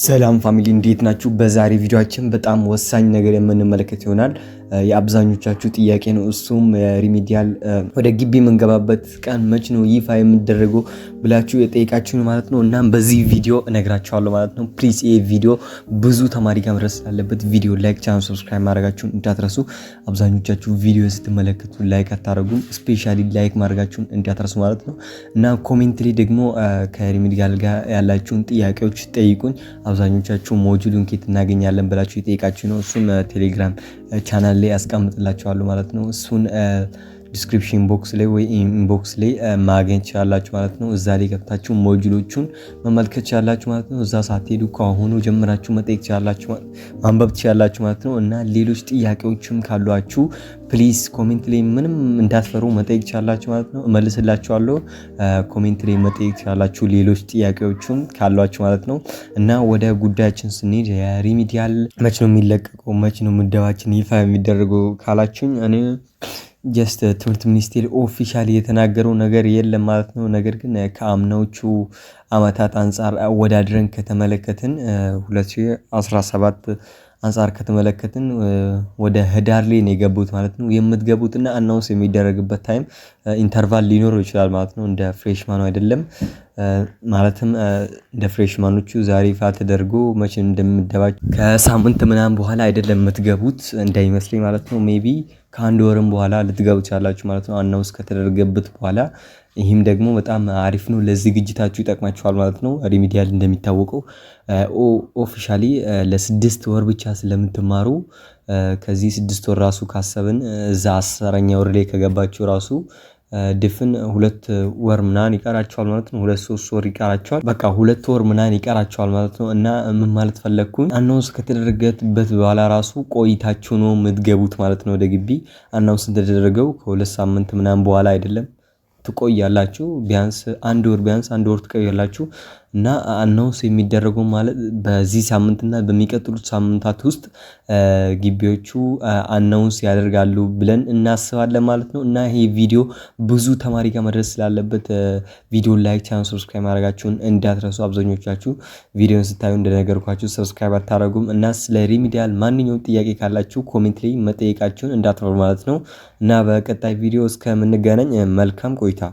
ሰላም ፋሚሊ እንዴት ናችሁ? በዛሬ ቪዲዮችን በጣም ወሳኝ ነገር የምንመለከት ይሆናል። የአብዛኞቻችሁ ጥያቄ ነው። እሱም ሪሚዲያል ወደ ግቢ የምንገባበት ቀን መች ነው ይፋ የምደረገው ብላችሁ የጠየቃችሁን ማለት ነው። እናም በዚህ ቪዲዮ እነግራችኋለሁ ማለት ነው። ፕሊዝ ይሄ ቪዲዮ ብዙ ተማሪ ጋር መድረስ ስላለበት ቪዲዮ ላይክ፣ ቻናል ሰብስክራይብ ማድረጋችሁን እንዳትረሱ። አብዛኞቻችሁ ቪዲዮ ስትመለከቱ ላይክ አታደረጉም። ስፔሻሊ ላይክ ማድረጋችሁን እንዳትረሱ ማለት ነው እና ኮሜንት ላይ ደግሞ ከሪሚዲያል ጋር ያላችሁን ጥያቄዎች ጠይቁኝ። አብዛኞቻችሁ ሞጁሉን ኬት እናገኛለን ብላችሁ የጠየቃችሁ ነው። እሱም ቴሌግራም ቻናል ላይ ያስቀምጥላቸዋሉ ማለት ነው። እሱን ዲስክሪፕሽን ቦክስ ላይ ወይ ኢንቦክስ ላይ eh, ማግኘት ቻላችሁ ማለት ነው። እዛ ላይ ገብታችሁ ሞጁሎቹን መመልከት ቻላችሁ ማለት ነው። እዛ ሳትሄዱ ከአሁኑ ጀምራችሁ መጠየቅ ቻላችሁ ማንበብ ቻላችሁ ማለት ነው። እና ሌሎች ጥያቄዎችም ካሏችሁ ፕሊስ ኮሜንት ላይ ምንም እንዳትፈሩ መጠየቅ ቻላችሁ ማለት ነው። እመልስላችኋለሁ። ኮሜንት eh, ላይ መጠየቅ ቻላችሁ ሌሎች ጥያቄዎችም ካሏችሁ ማለት ነው። እና ወደ ጉዳያችን ስንሄድ ሪሚዲያል መች ነው የሚለቀቀው? መች ነው ምደባችን ይፋ የሚደረገው ካላችሁኝ እኔ ጀስት ትምህርት ሚኒስቴር ኦፊሻል የተናገረው ነገር የለም ማለት ነው። ነገር ግን ከአምናዎቹ አመታት አንጻር አወዳድረን ከተመለከትን 2017 አንጻር ከተመለከትን ወደ ህዳር ላይ ነው የገቡት ማለት ነው። የምትገቡትና አናውንስ የሚደረግበት ታይም ኢንተርቫል ሊኖረው ይችላል ማለት ነው። እንደ ፍሬሽማኑ አይደለም። ማለትም እንደ ፍሬሽማኖቹ ዛሬ ይፋ ተደርጎ መቼ እንደምደባጭ ከሳምንት ምናምን በኋላ አይደለም የምትገቡት እንዳይመስለኝ ማለት ነው። ቢ ከአንድ ወርም በኋላ ልትገቡ ትችላላችሁ ማለት ነው። አናውንስ ከተደረገበት በኋላ ይህም ደግሞ በጣም አሪፍ ነው። ለዝግጅታችሁ ይጠቅማችኋል ማለት ነው። ሪሚዲያል እንደሚታወቀው ኦፊሻሊ ለስድስት ወር ብቻ ስለምትማሩ ከዚህ ስድስት ወር ራሱ ካሰብን እዛ አስረኛ ወር ላይ ከገባችሁ ራሱ ድፍን ሁለት ወር ምናን ይቀራቸዋል ማለት ነው። ሁለት ሶስት ወር ይቀራቸዋል። በቃ ሁለት ወር ምናን ይቀራቸዋል ማለት ነው። እና ምን ማለት ፈለግኩኝ አናውንስ ከተደረገበት በኋላ ራሱ ቆይታችሁ ነው የምትገቡት ማለት ነው ወደ ግቢ። አናውንስ እንደተደረገው ከሁለት ሳምንት ምናምን በኋላ አይደለም ትቆያላችሁ። ቢያንስ አንድ ወር ቢያንስ አንድ ወር ትቆያላችሁ። እና አናውንስ የሚደረገው ማለት በዚህ ሳምንትና በሚቀጥሉት ሳምንታት ውስጥ ግቢዎቹ አናውንስ ያደርጋሉ ብለን እናስባለን ማለት ነው። እና ይሄ ቪዲዮ ብዙ ተማሪ ጋር መድረስ ስላለበት ቪዲዮ ላይክ፣ ቻናል ሰብስክራይብ ማድረጋችሁን እንዳትረሱ። አብዛኞቻችሁ ቪዲዮን ስታዩ እንደነገርኳችሁ ሰብስክራይብ አታደረጉም። እና ስለ ሪሚዲያል ማንኛውም ጥያቄ ካላችሁ ኮሜንት ላይ መጠየቃችሁን እንዳትረሩ ማለት ነው። እና በቀጣይ ቪዲዮ እስከምንገናኝ መልካም ቆይታ